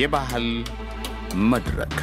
ये ባህል መድረክ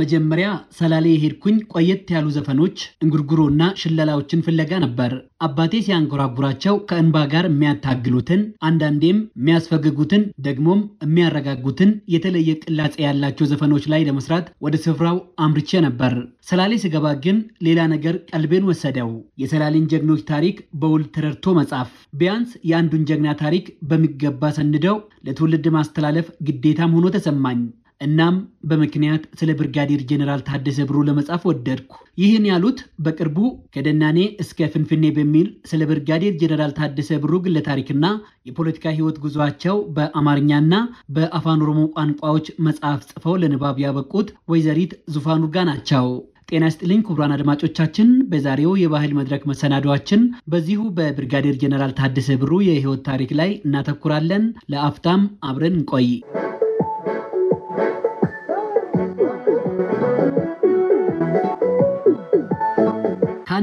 መጀመሪያ ሰላሌ የሄድኩኝ ቆየት ያሉ ዘፈኖች እንጉርጉሮና ሽለላዎችን ፍለጋ ነበር። አባቴ ሲያንጎራጉራቸው ከእንባ ጋር የሚያታግሉትን አንዳንዴም የሚያስፈግጉትን ደግሞም የሚያረጋጉትን የተለየ ቅላጼ ያላቸው ዘፈኖች ላይ ለመስራት ወደ ስፍራው አምርቼ ነበር። ሰላሌ ስገባ ግን ሌላ ነገር ቀልቤን ወሰደው። የሰላሌን ጀግኖች ታሪክ በውል ተረድቶ መጻፍ፣ ቢያንስ የአንዱን ጀግና ታሪክ በሚገባ ሰንደው ለትውልድ ማስተላለፍ ግዴታም ሆኖ ተሰማኝ። እናም በምክንያት ስለ ብርጋዴር ጀኔራል ታደሰ ብሩ ለመጻፍ ወደድኩ። ይህን ያሉት በቅርቡ ከደናኔ እስከ ፍንፍኔ በሚል ስለ ብርጋዴር ጀኔራል ታደሰ ብሩ ግለ ታሪክና የፖለቲካ ሕይወት ጉዞቸው በአማርኛና በአፋን ኦሮሞ ቋንቋዎች መጽሐፍ ጽፈው ለንባብ ያበቁት ወይዘሪት ዙፋኑ ጋ ናቸው። ጤና ይስጥልኝ ክቡራን አድማጮቻችን፣ በዛሬው የባህል መድረክ መሰናዷችን በዚሁ በብርጋዴር ጀኔራል ታደሰ ብሩ የህይወት ታሪክ ላይ እናተኩራለን። ለአፍታም አብረን እንቆይ።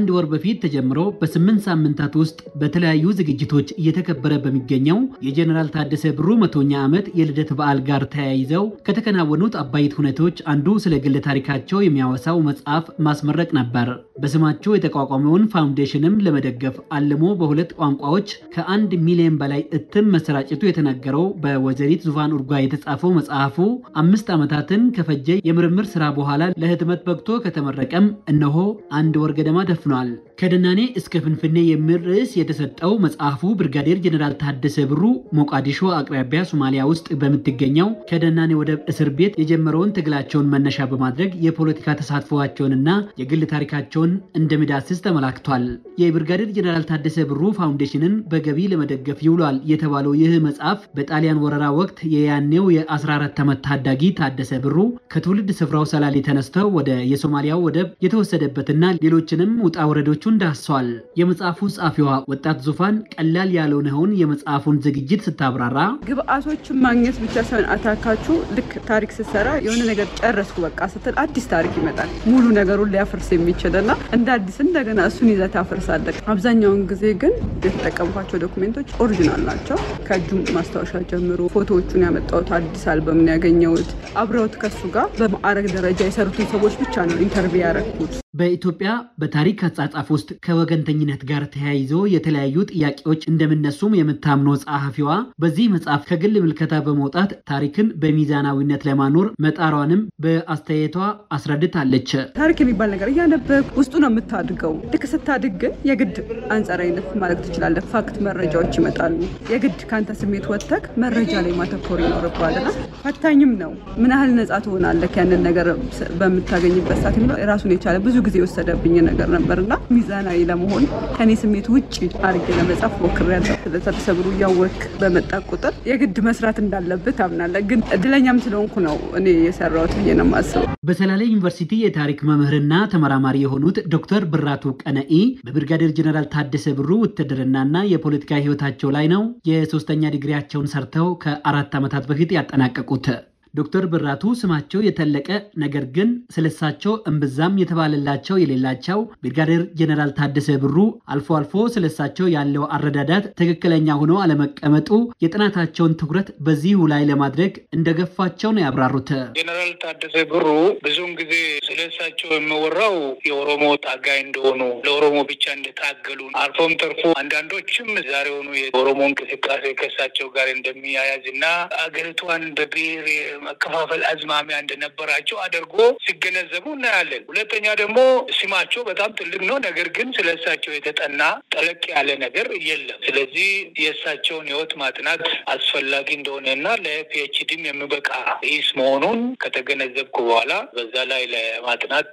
ከአንድ ወር በፊት ተጀምሮ በስምንት ሳምንታት ውስጥ በተለያዩ ዝግጅቶች እየተከበረ በሚገኘው የጀኔራል ታደሰ ብሩ መቶኛ ዓመት የልደት በዓል ጋር ተያይዘው ከተከናወኑት አባይት ሁነቶች አንዱ ስለ ግለ ታሪካቸው የሚያወሳው መጽሐፍ ማስመረቅ ነበር። በስማቸው የተቋቋመውን ፋውንዴሽንም ለመደገፍ አልሞ በሁለት ቋንቋዎች ከአንድ ሚሊዮን በላይ እትም መሰራጨቱ የተነገረው በወይዘሪት ዙፋን ኡርጓ የተጻፈው መጽሐፉ አምስት ዓመታትን ከፈጀ የምርምር ስራ በኋላ ለህትመት በቅቶ ከተመረቀም እነሆ አንድ ወር ገደማ ደፍኗል። ሆኗል። ከደናኔ እስከ ፍንፍኔ የሚል ርዕስ የተሰጠው መጽሐፉ ብርጋዴር ጀኔራል ታደሰ ብሩ ሞቃዲሾ አቅራቢያ ሶማሊያ ውስጥ በምትገኘው ከደናኔ ወደብ እስር ቤት የጀመረውን ትግላቸውን መነሻ በማድረግ የፖለቲካ ተሳትፏቸውንና የግል ታሪካቸውን እንደሚዳስስ ተመላክቷል። የብርጋዴር ጀኔራል ታደሰ ብሩ ፋውንዴሽንን በገቢ ለመደገፍ ይውሏል የተባለው ይህ መጽሐፍ በጣሊያን ወረራ ወቅት የያኔው የ14 ዓመት ታዳጊ ታደሰ ብሩ ከትውልድ ስፍራው ሰላሌ ተነስተው ወደ የሶማሊያው ወደብ የተወሰደበትና ሌሎችንም ውጣ ወረዶቹን ዳስሷል። የመጽሐፉ ጸሐፊዋ ወጣት ዙፋን ቀላል ያልሆነውን የመጽሐፉን ዝግጅት ስታብራራ ግብአቶችን ማግኘት ብቻ ሳይሆን አታካቹ ልክ ታሪክ ስትሰራ የሆነ ነገር ጨረስኩ በቃ ስትል አዲስ ታሪክ ይመጣል። ሙሉ ነገሩን ሊያፈርስ የሚችልና እንደ አዲስ እንደገና እሱን ይዘት ታፈርሳለህ። አብዛኛውን ጊዜ ግን የተጠቀምኳቸው ዶክሜንቶች ኦሪጂናል ናቸው። ከእጁ ማስታወሻ ጀምሮ ፎቶዎቹን ያመጣሁት አዲስ አልበምን ያገኘሁት አብረውት ከሱ ጋር በማዕረግ ደረጃ የሰሩትን ሰዎች ብቻ ነው ኢንተርቪው ያረግኩት። በኢትዮጵያ በታሪክ አጻጻፍ ውስጥ ከወገንተኝነት ጋር ተያይዞ የተለያዩ ጥያቄዎች እንደምነሱም የምታምነው ጸሐፊዋ በዚህ መጽሐፍ ከግል ምልከታ በመውጣት ታሪክን በሚዛናዊነት ለማኖር መጣሯንም በአስተያየቷ አስረድታለች። ታሪክ የሚባል ነገር እያነበብ ውስጡ ነው የምታድገው። ልክ ስታድግ ግን የግድ አንጻራዊነት ማለት ትችላለህ። ፋክት መረጃዎች ይመጣሉ። የግድ ከአንተ ስሜት ወጥተህ መረጃ ላይ ማተኮር ይኖርባልና ፈታኝም ነው። ምን ያህል ነጻ ትሆናለህ ያንን ነገር በምታገኝበት ሰዓት የሚለው ራሱን የቻለ ብዙ ጊዜ የወሰደብኝ ነገር እና ሚዛናዊ ለመሆን ከኔ ስሜት ውጭ አርጌ ለመጻፍ ሞክሬያለሁ። ስለተርሰ ብሩ እያወክ በመጣ ቁጥር የግድ መስራት እንዳለብህ ታምናለህ። ግን እድለኛም ስለሆንኩ ነው እኔ የሰራሁት ብዬ ነው የማስበው። በሰላሌ ዩኒቨርሲቲ የታሪክ መምህርና ተመራማሪ የሆኑት ዶክተር ብራቱ ቀነኢ በብርጋዴር ጀነራል ታደሰ ብሩ ውትድርናና የፖለቲካ ህይወታቸው ላይ ነው የሶስተኛ ዲግሪያቸውን ሰርተው ከአራት ዓመታት በፊት ያጠናቀቁት። ዶክተር ብራቱ ስማቸው የተለቀ ነገር ግን ስለሳቸው እምብዛም የተባለላቸው የሌላቸው ብርጋዴር ጀነራል ታደሰ ብሩ አልፎ አልፎ ስለሳቸው ያለው አረዳዳት ትክክለኛ ሆኖ አለመቀመጡ የጥናታቸውን ትኩረት በዚሁ ላይ ለማድረግ እንደገፋቸው ነው ያብራሩት። ጀነራል ታደሰ ብሩ ብዙውን ጊዜ ስለሳቸው የሚወራው የኦሮሞ ታጋይ እንደሆኑ ለኦሮሞ ብቻ እንደታገሉ አልፎም ተርፎ አንዳንዶችም ዛሬ ሆኑ የኦሮሞ እንቅስቃሴ ከሳቸው ጋር እንደሚያያዝ እና አገሪቷን በብሔር መከፋፈል አዝማሚያ እንደነበራቸው አድርጎ ሲገነዘቡ እናያለን። ሁለተኛ ደግሞ ስማቸው በጣም ትልቅ ነው። ነገር ግን ስለ እሳቸው የተጠና ጠለቅ ያለ ነገር የለም። ስለዚህ የእሳቸውን ህይወት ማጥናት አስፈላጊ እንደሆነና ለፒኤችዲም የሚበቃ ስ መሆኑን ከተገነዘብኩ በኋላ በዛ ላይ ለማጥናት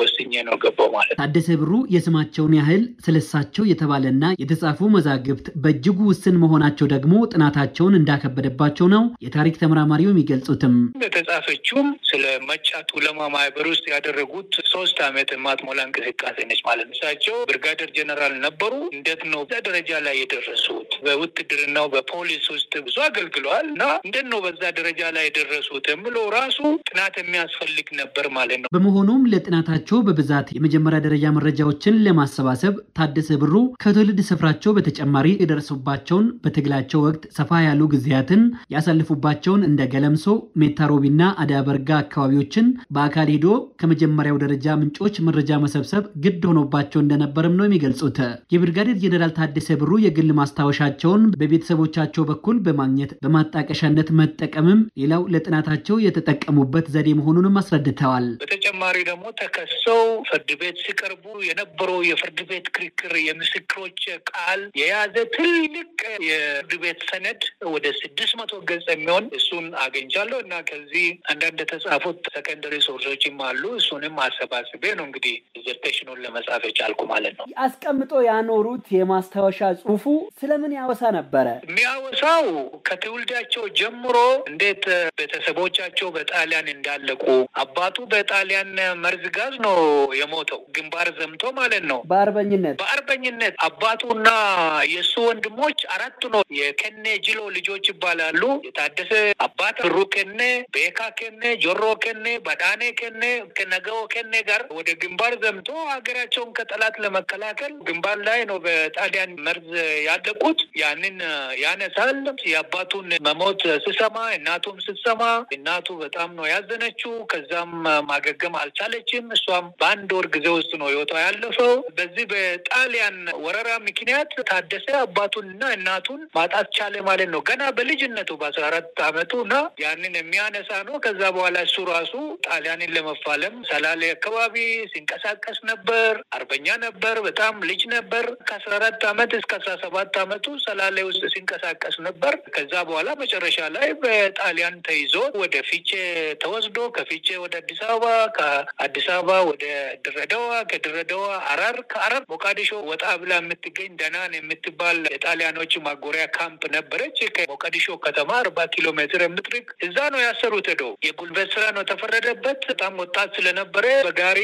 ወስኜ ነው ገባው ማለት ነው። ታደሰ ብሩ የስማቸውን ያህል ስለ እሳቸው የተባለና የተጻፉ መዛግብት በእጅጉ ውስን መሆናቸው ደግሞ ጥናታቸውን እንዳከበደባቸው ነው የታሪክ ተመራማሪው የሚገልጹት። የሰጡትም የተጻፈችውም ስለ መጫቱ ለማ ማህበር ውስጥ ያደረጉት ሶስት አመት የማትሞላ እንቅስቃሴ ነች ማለት ነው። እሳቸው ብርጋደር ጀነራል ነበሩ። እንዴት ነው እዛ ደረጃ ላይ የደረሱ በውትድርናው በፖሊስ ውስጥ ብዙ አገልግለዋል እና እንደት ነው በዛ ደረጃ ላይ ደረሱት ብሎ ራሱ ጥናት የሚያስፈልግ ነበር ማለት ነው። በመሆኑም ለጥናታቸው በብዛት የመጀመሪያ ደረጃ መረጃዎችን ለማሰባሰብ ታደሰ ብሩ ከትውልድ ስፍራቸው በተጨማሪ የደረሱባቸውን በትግላቸው ወቅት ሰፋ ያሉ ጊዜያትን ያሳልፉባቸውን እንደ ገለምሶ፣ ሜታሮቢና አዳበርጋ አካባቢዎችን በአካል ሄዶ ከመጀመሪያው ደረጃ ምንጮች መረጃ መሰብሰብ ግድ ሆኖባቸው እንደነበርም ነው የሚገልጹት። የብርጋዴር ጄኔራል ታደሰ ብሩ የግል ማስታወሻ ልጆቻቸውን በቤተሰቦቻቸው በኩል በማግኘት በማጣቀሻነት መጠቀምም ሌላው ለጥናታቸው የተጠቀሙበት ዘዴ መሆኑንም አስረድተዋል። በተጨማሪ ደግሞ ተከሰው ፍርድ ቤት ሲቀርቡ የነበረው የፍርድ ቤት ክርክር የምስክሮች ቃል የያዘ ትልቅ የፍርድ ቤት ሰነድ ወደ ስድስት መቶ ገጽ የሚሆን እሱን አግኝቻለሁ እና ከዚህ አንዳንድ የተጻፉት ሰከንደሪ ሶርሶችም አሉ። እሱንም አሰባስቤ ነው እንግዲህ ዲዘርቴሽኑን ለመጻፍ የቻልኩ ማለት ነው። አስቀምጦ ያኖሩት የማስታወሻ ጽሁፉ ስለምን የሚያወሳ ነበረ? የሚያወሳው ከትውልዳቸው ጀምሮ እንዴት ቤተሰቦቻቸው በጣሊያን እንዳለቁ። አባቱ በጣሊያን መርዝ ጋዝ ነው የሞተው፣ ግንባር ዘምቶ ማለት ነው። በአርበኝነት በአርበኝነት አባቱና የእሱ ወንድሞች አራቱ ነው። የከኔ ጅሎ ልጆች ይባላሉ። የታደሰ አባት ብሩ ከኔ፣ ቤካ ከኔ፣ ጆሮ ከኔ፣ በዳኔ ከኔ ከነገው ከኔ ጋር ወደ ግንባር ዘምቶ ሀገራቸውን ከጠላት ለመከላከል ግንባር ላይ ነው በጣሊያን መርዝ ያለቁት። ያንን ያነሳል። የአባቱን መሞት ስሰማ እናቱም ስትሰማ እናቱ በጣም ነው ያዘነችው። ከዛም ማገገም አልቻለችም። እሷም በአንድ ወር ጊዜ ውስጥ ነው ህይወቷ ያለፈው። በዚህ በጣሊያን ወረራ ምክንያት ታደሰ እና እናቱን ማጣት ቻለ ማለት ነው። ገና በልጅነቱ በአስራ አራት አመቱ እና ያንን የሚያነሳ ነው። ከዛ በኋላ እሱ ራሱ ጣሊያንን ለመፋለም ሰላሌ አካባቢ ሲንቀሳቀስ ነበር። አርበኛ ነበር። በጣም ልጅ ነበር። ከአስራ አራት አመት እስከ አስራ ሰባት አመቱ ሰላሌ ውስጥ ሲንቀሳቀስ ነበር። ከዛ በኋላ መጨረሻ ላይ በጣሊያን ተይዞ ወደ ፊቼ ተወስዶ ከፊቼ ወደ አዲስ አበባ፣ ከአዲስ አበባ ወደ ድረደዋ፣ ከድረደዋ አራር፣ ከአራር ሞቃዲሾ ወጣ ብላ የምትገኝ ደናን የምትባል የጣሊያኖች ማጎሪያ ካምፕ ነበረች። ከሞቃዲሾ ከተማ አርባ ኪሎ ሜትር የምትርቅ እዛ ነው ያሰሩት። ሄዶ የጉልበት ስራ ነው ተፈረደበት። በጣም ወጣት ስለነበረ በጋሪ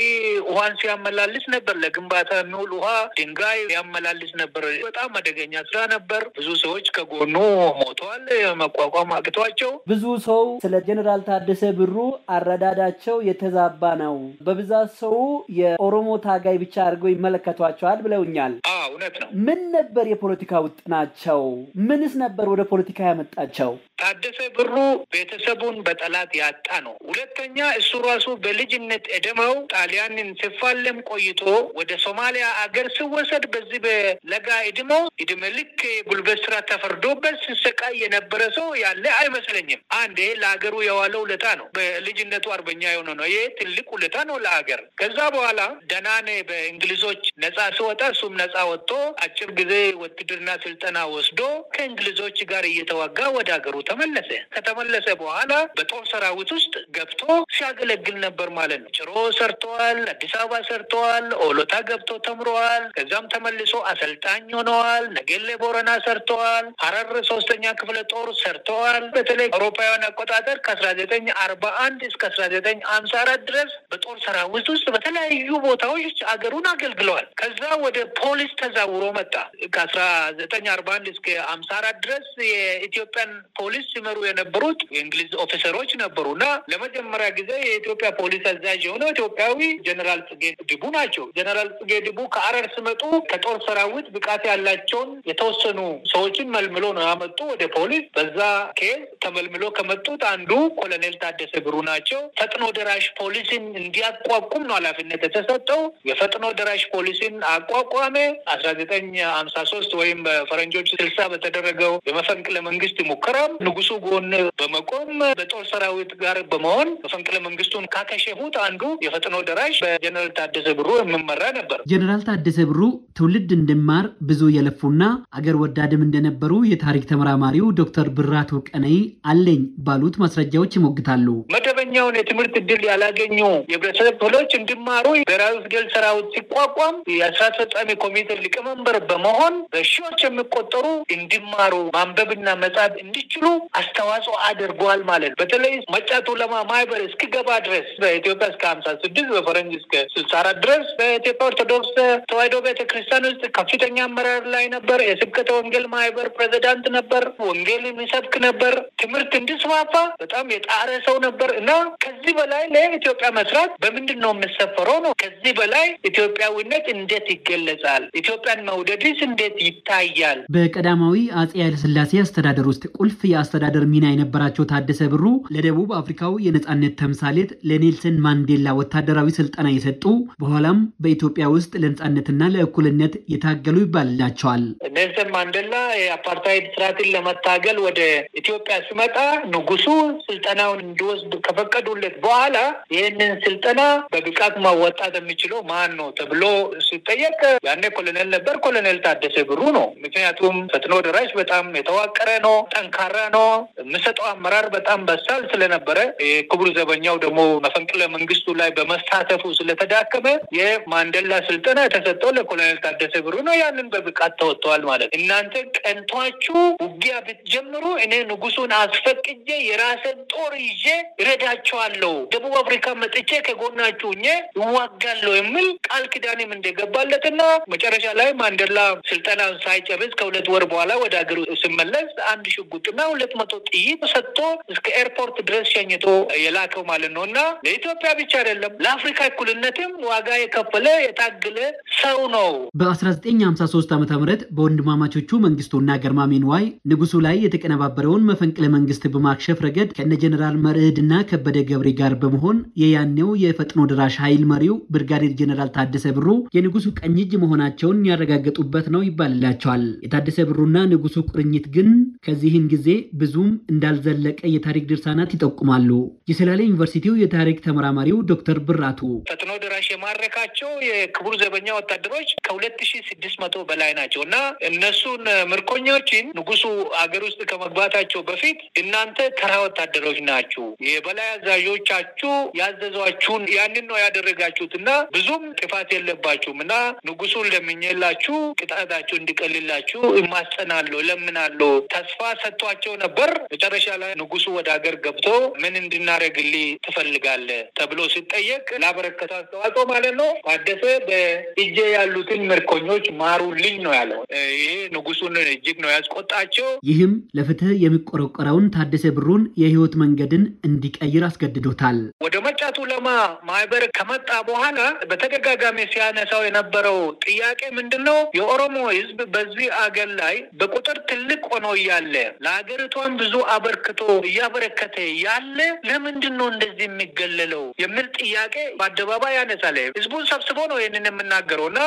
ውሃን ሲያመላልስ ነበር። ለግንባታ የሚውል ውሃ ድንጋይ ያመላልስ ነበር። በጣም አደገኛ ስራ ነበር። ነበር። ብዙ ሰዎች ከጎኑ ሞተዋል፣ መቋቋም አቅቷቸው። ብዙ ሰው ስለ ጀኔራል ታደሰ ብሩ አረዳዳቸው የተዛባ ነው፣ በብዛት ሰው የኦሮሞ ታጋይ ብቻ አድርገው ይመለከቷቸዋል ብለውኛል። እውነት ነው። ምን ነበር የፖለቲካ ውጥ ናቸው? ምንስ ነበር ወደ ፖለቲካ ያመጣቸው? ታደሰ ብሩ ቤተሰቡን በጠላት ያጣ ነው። ሁለተኛ እሱ ራሱ በልጅነት እድሜው ጣሊያንን ሲፋለም ቆይቶ ወደ ሶማሊያ አገር ሲወሰድ በዚህ በለጋ እድሜው እድሜ ልክ ጉልበት ስራ ተፈርዶበት ሲሰቃይ የነበረ ሰው ያለ አይመስለኝም። አንድ ለሀገሩ የዋለ ውለታ ነው። በልጅነቱ አርበኛ የሆነ ነው። ይሄ ትልቅ ውለታ ነው ለሀገር። ከዛ በኋላ ደናኔ በእንግሊዞች ነጻ ሲወጣ እሱም ነጻ ወጥቶ አጭር ጊዜ ውትድርና ስልጠና ወስዶ ከእንግሊዞች ጋር እየተዋጋ ወደ ሀገሩ ተመለሰ። ከተመለሰ በኋላ በጦር ሰራዊት ውስጥ ገብቶ ሲያገለግል ነበር ማለት ነው። ጭሮ ሰርተዋል፣ አዲስ አበባ ሰርተዋል፣ ኦሎታ ገብቶ ተምረዋል። ከዛም ተመልሶ አሰልጣኝ ሆነዋል። ነገሌ ቦረና ሰርተዋል። ሀረር ሶስተኛ ክፍለ ጦር ሰርተዋል። በተለይ አውሮፓውያን አቆጣጠር ከአስራ ዘጠኝ አርባ አንድ እስከ አስራ ዘጠኝ አምሳ አራት ድረስ በጦር ሰራዊት ውስጥ በተለያዩ ቦታዎች አገሩን አገልግለዋል። ከዛ ወደ ፖሊስ ተዛውሮ መጣ። ከአስራ ዘጠኝ አርባ አንድ እስከ አምሳ አራት ድረስ የኢትዮጵያን ፖሊስ ፖሊስ ሲመሩ የነበሩት የእንግሊዝ ኦፊሰሮች ነበሩ እና ለመጀመሪያ ጊዜ የኢትዮጵያ ፖሊስ አዛዥ የሆነው ኢትዮጵያዊ ጀነራል ጽጌ ድቡ ናቸው። ጀነራል ጽጌ ድቡ ከአረር ሲመጡ ከጦር ሰራዊት ብቃት ያላቸውን የተወሰኑ ሰዎችን መልምሎ ነው ያመጡ ወደ ፖሊስ። በዛ ኬዝ ተመልምሎ ከመጡት አንዱ ኮሎኔል ታደሰ ግሩ ናቸው። ፈጥኖ ደራሽ ፖሊስን እንዲያቋቁም ነው ኃላፊነት የተሰጠው። የፈጥኖ ደራሽ ፖሊስን አቋቋመ። አስራ ዘጠኝ ሀምሳ ሶስት ወይም በፈረንጆች ስልሳ በተደረገው የመፈንቅለ መንግስት ሙከራም ንጉሱ ጎን በመቆም በጦር ሰራዊት ጋር በመሆን መፈንቅለ መንግስቱን ካከሸፉት አንዱ የፈጥኖ ደራሽ በጀነራል ታደሰ ብሩ የሚመራ ነበር። ጀነራል ታደሰ ብሩ ትውልድ እንድማር ብዙ የለፉና አገር ወዳድም እንደነበሩ የታሪክ ተመራማሪው ዶክተር ብራቱ ቀነይ አለኝ ባሉት ማስረጃዎች ይሞግታሉ። መደበኛውን የትምህርት እድል ያላገኙ የህብረተሰብ ክፍሎች እንዲማሩ ብሔራዊ ፊደል ሰራዊት ሲቋቋም የስራ አስፈጻሚ ኮሚቴ ሊቀመንበር በመሆን በሺዎች የሚቆጠሩ እንዲማሩ ማንበብና መጻፍ እንዲችሉ አስተዋጽኦ አድርጓል ማለት ነው። በተለይ መጫቱ ለማ ማህበር እስኪገባ ድረስ በኢትዮጵያ እስከ ሀምሳ ስድስት በፈረንጅ እስከ ስልሳ አራት ድረስ በኢትዮጵያ ኦርቶዶክስ ተዋሕዶ ቤተክርስቲያን ውስጥ ከፍተኛ አመራር ላይ ነበር። የስብከተ ወንጌል ማህበር ፕሬዚዳንት ነበር። ወንጌል የሚሰብክ ነበር። ትምህርት እንዲስፋፋ በጣም የጣረ ሰው ነበር እና ከዚህ በላይ ለኢትዮጵያ መስራት በምንድን ነው የምሰፈረው ነው። ከዚህ በላይ ኢትዮጵያዊነት እንዴት ይገለጻል? ኢትዮጵያን መውደድስ እንዴት ይታያል? በቀዳማዊ አጼ ኃይለስላሴ አስተዳደር ውስጥ ቁልፍ የ አስተዳደር ሚና የነበራቸው ታደሰ ብሩ ለደቡብ አፍሪካው የነፃነት ተምሳሌት ለኔልሰን ማንዴላ ወታደራዊ ስልጠና የሰጡ በኋላም በኢትዮጵያ ውስጥ ለነፃነትና ለእኩልነት የታገሉ ይባልላቸዋል። ኔልሰን ማንዴላ የአፓርታይድ ስርዓትን ለመታገል ወደ ኢትዮጵያ ሲመጣ ንጉሱ ስልጠናውን እንዲወስድ ከፈቀዱለት በኋላ ይህንን ስልጠና በብቃት ማወጣት የሚችለው ማን ነው ተብሎ ሲጠየቅ ያኔ ኮሎኔል ነበር ኮሎኔል ታደሰ ብሩ ነው። ምክንያቱም ፈጥኖ ደራሽ በጣም የተዋቀረ ነው፣ ጠንካራ ፋኖ የምሰጠው አመራር በጣም በሳል ስለነበረ የክቡር ዘበኛው ደግሞ መፈንቅለ መንግስቱ ላይ በመሳተፉ ስለተዳከመ የማንደላ ስልጠና የተሰጠው ለኮሎኔል ታደሰ ብሩ ነው። ያንን በብቃት ተወጥተዋል ማለት እናንተ ቀንቷችሁ ውጊያ ብትጀምሩ እኔ ንጉሱን አስፈቅጄ የራስን ጦር ይዤ እረዳቸዋለሁ፣ ደቡብ አፍሪካ መጥቼ ከጎናችሁ ሆኜ እዋጋለሁ የሚል ቃል ኪዳኔም እንደገባለትና መጨረሻ ላይ ማንደላ ስልጠና ሳይጨርስ ከሁለት ወር በኋላ ወደ ሀገሩ ስመለስ አንድ ሽጉጥና ሁለት መቶ ጥይት ሰጥቶ እስከ ኤርፖርት ድረስ ሸኝቶ የላከው ማለት ነው እና ለኢትዮጵያ ብቻ አይደለም ለአፍሪካ እኩልነትም ዋጋ የከፈለ የታገለ ሰው ነው። በ1953 ዓ ም በወንድማማቾቹ መንግስቱና ገርማ ሚንዋይ ንጉሱ ላይ የተቀነባበረውን መፈንቅለ መንግስት በማክሸፍ ረገድ ከነ ጀኔራል መርዕድና ከበደ ገብሬ ጋር በመሆን የያኔው የፈጥኖ ደራሽ ኃይል መሪው ብርጋዴር ጀኔራል ታደሰ ብሩ የንጉሱ ቀኝ እጅ መሆናቸውን ያረጋገጡበት ነው ይባልላቸዋል። የታደሰ ብሩና ንጉሱ ቁርኝት ግን ከዚህን ጊዜ ብዙም እንዳልዘለቀ የታሪክ ድርሳናት ይጠቁማሉ። የሰላሌ ዩኒቨርሲቲው የታሪክ ተመራማሪው ዶክተር ብራቱ ፈጥኖ ደራሽ የማረካቸው የክቡር ዘበኛ ወታደሮች ከሁለት ሺ ስድስት መቶ በላይ ናቸው እና እነሱን ምርኮኞችን ንጉሱ አገር ውስጥ ከመግባታቸው በፊት እናንተ ተራ ወታደሮች ናችሁ፣ የበላይ አዛዦቻችሁ ያዘዟችሁን ያንን ነው ያደረጋችሁት እና ብዙም ጥፋት የለባችሁም እና ንጉሱን ለምኜላችሁ ቅጣታችሁ እንዲቀልላችሁ ማስጠናለሁ ለምናለሁ ተስፋ ሰጥቷቸው ነበር። መጨረሻ ላይ ንጉሱ ወደ ሀገር ገብቶ ምን እንድናደርግልህ ትፈልጋለህ ተብሎ ሲጠየቅ ላበረከተ አስተዋጽኦ ማለት ነው ታደሰ በእጄ ያሉትን ምርኮኞች ማሩልኝ ነው ያለው። ይሄ ንጉሱን እጅግ ነው ያስቆጣቸው። ይህም ለፍትህ የሚቆረቆረውን ታደሰ ብሩን የህይወት መንገድን እንዲቀይር አስገድዶታል። ወደ መጫቱ ለማ ማህበር ከመጣ በኋላ በተደጋጋሚ ሲያነሳው የነበረው ጥያቄ ምንድን ነው? የኦሮሞ ህዝብ በዚህ አገር ላይ በቁጥር ትልቅ ሆኖ እያለ ለሀገሪቱ በጣም ብዙ አበርክቶ እያበረከተ ያለ ለምንድን ነው እንደዚህ የሚገለለው የሚል ጥያቄ በአደባባይ ያነሳል። ህዝቡን ሰብስቦ ነው ይህንን የምናገረው እና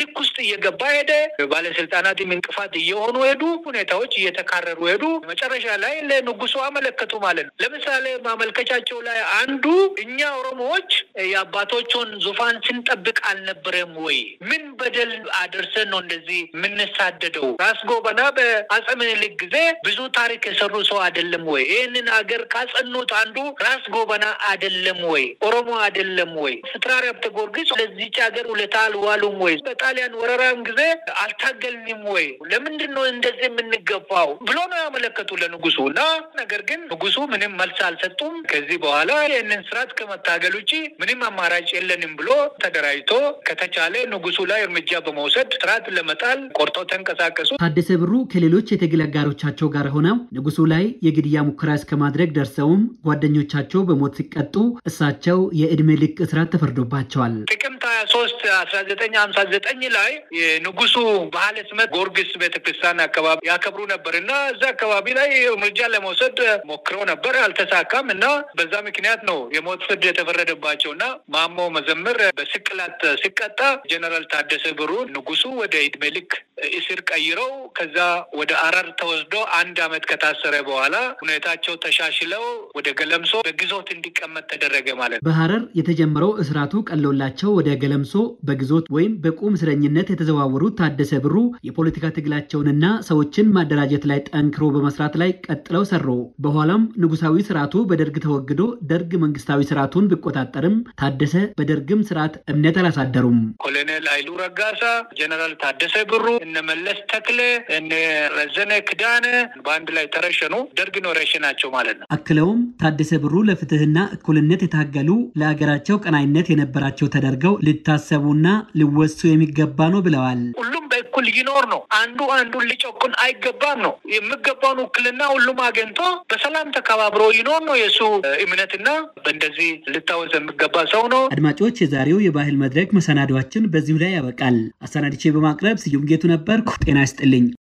ልክ ውስጥ እየገባ ሄደ። ባለስልጣናት እንቅፋት እየሆኑ ሄዱ። ሁኔታዎች እየተካረሩ ሄዱ። መጨረሻ ላይ ለንጉሱ አመለከቱ ማለት ነው። ለምሳሌ ማመልከቻቸው ላይ አንዱ እኛ ኦሮሞዎች የአባቶቹን ዙፋን ስንጠብቅ አልነበረም ወይ? ምን በደል አድርሰን ነው እንደዚህ የምንሳደደው? ራስ ጎበና በአጼ ምኒልክ ጊዜ ብዙ ታሪክ የሰሩ ሰው አይደለም ወይ? ይህንን አገር ካጸኑት አንዱ ራስ ጎበና አይደለም ወይ? ኦሮሞ አይደለም ወይ? ስትራሪ ሀብተ ለዚች ሀገር ውለታ አልዋሉም ወይ? በጣሊያን ወረራም ጊዜ አልታገልንም ወይ? ለምንድን ነው እንደዚህ የምንገፋው ብሎ ነው ያመለከቱ ለንጉሱ እና ነገር ግን ንጉሱ ምንም መልስ አልሰጡም። ከዚህ በኋላ ይህንን ስርዓት ከመታገል ውጭ ምንም አማራጭ የለንም ብሎ ተደራጅቶ ከተቻለ ንጉሱ ላይ እርምጃ በመውሰድ ስርዓት ለመጣል ቆርጠው ተንቀሳቀሱ። ታደሰ ብሩ ከሌሎች የትግል አጋሮቻቸው ጋር ሆነው ንጉሱ ላይ የግድያ ሙከራ እስከማድረግ ደርሰውም ጓደኞቻቸው በሞት ሲቀጡ እሳቸው የእድሜ ልክ እስራት ተፈርዶባቸዋል። ጥቅምት 23 ሶስት አስራ ዘጠኝ ሀምሳ ዘጠኝ ላይ የንጉሱ ባህለ ስመት ጊዮርጊስ ቤተክርስቲያን አካባቢ ያከብሩ ነበር እና እዛ አካባቢ ላይ እርምጃ ለመውሰድ ሞክረው ነበር፣ አልተሳካም እና በዛ ምክንያት ነው የሞት ፍርድ የተፈረደባቸው እና ማሞ መዘምር በስቅላት ሲቀጣ ጀነራል ታደሰ ብሩ ንጉሱ ወደ እድሜ ልክ እስር ቀይረው ከዛ ወደ አራር ተወስዶ አንድ አመት ከታሰረ በኋላ ሁኔታቸው ተሻሽለው ወደ ገለምሶ በግዞት እንዲቀመጥ ተደረገ ማለት ነው። በሐረር የተጀመረው እስራቱ ቀሎላቸው ወደ ገለምሶ በግዞት ወይም በቁም እስረኝነት የተዘዋወሩት ታደሰ ብሩ የፖለቲካ ትግላቸውንና ሰዎችን ማደራጀት ላይ ጠንክሮ በመስራት ላይ ቀጥለው ሰሩ። በኋላም ንጉሳዊ ስርዓቱ በደርግ ተወግዶ ደርግ መንግስታዊ ስርዓቱን ቢቆጣጠርም ታደሰ በደርግም ስርዓት እምነት አላሳደሩም። ኮሎኔል ኃይሉ ረጋሳ፣ ጀነራል ታደሰ ብሩ፣ እነ መለስ ተክሌ፣ እነ ረዘነ ክዳነ በአንድ ላይ ተረሸኑ ደርግ ነው ናቸው ማለት ነው። አክለውም ታደሰ ብሩ ለፍትህና እኩልነት የታገሉ ለሀገራቸው ቀናይነት የነበራቸው ተደርገው ሊታሰቡና ሊወሱ የሚገባ ነው ብለዋል። ሁሉም በእኩል ይኖር ነው። አንዱ አንዱን ሊጨቁን አይገባም ነው። የሚገባውን ውክልና ሁሉም አገኝቶ በሰላም ተከባብሮ ይኖር ነው የእሱ እምነትና በእንደዚህ ልታወዝ የሚገባ ሰው ነው። አድማጮች፣ የዛሬው የባህል መድረክ መሰናዷችን በዚሁ ላይ ያበቃል። አሰናድቼ በማቅረብ ስዩም ጌቱ ነበርኩ። ጤና ይስጥልኝ።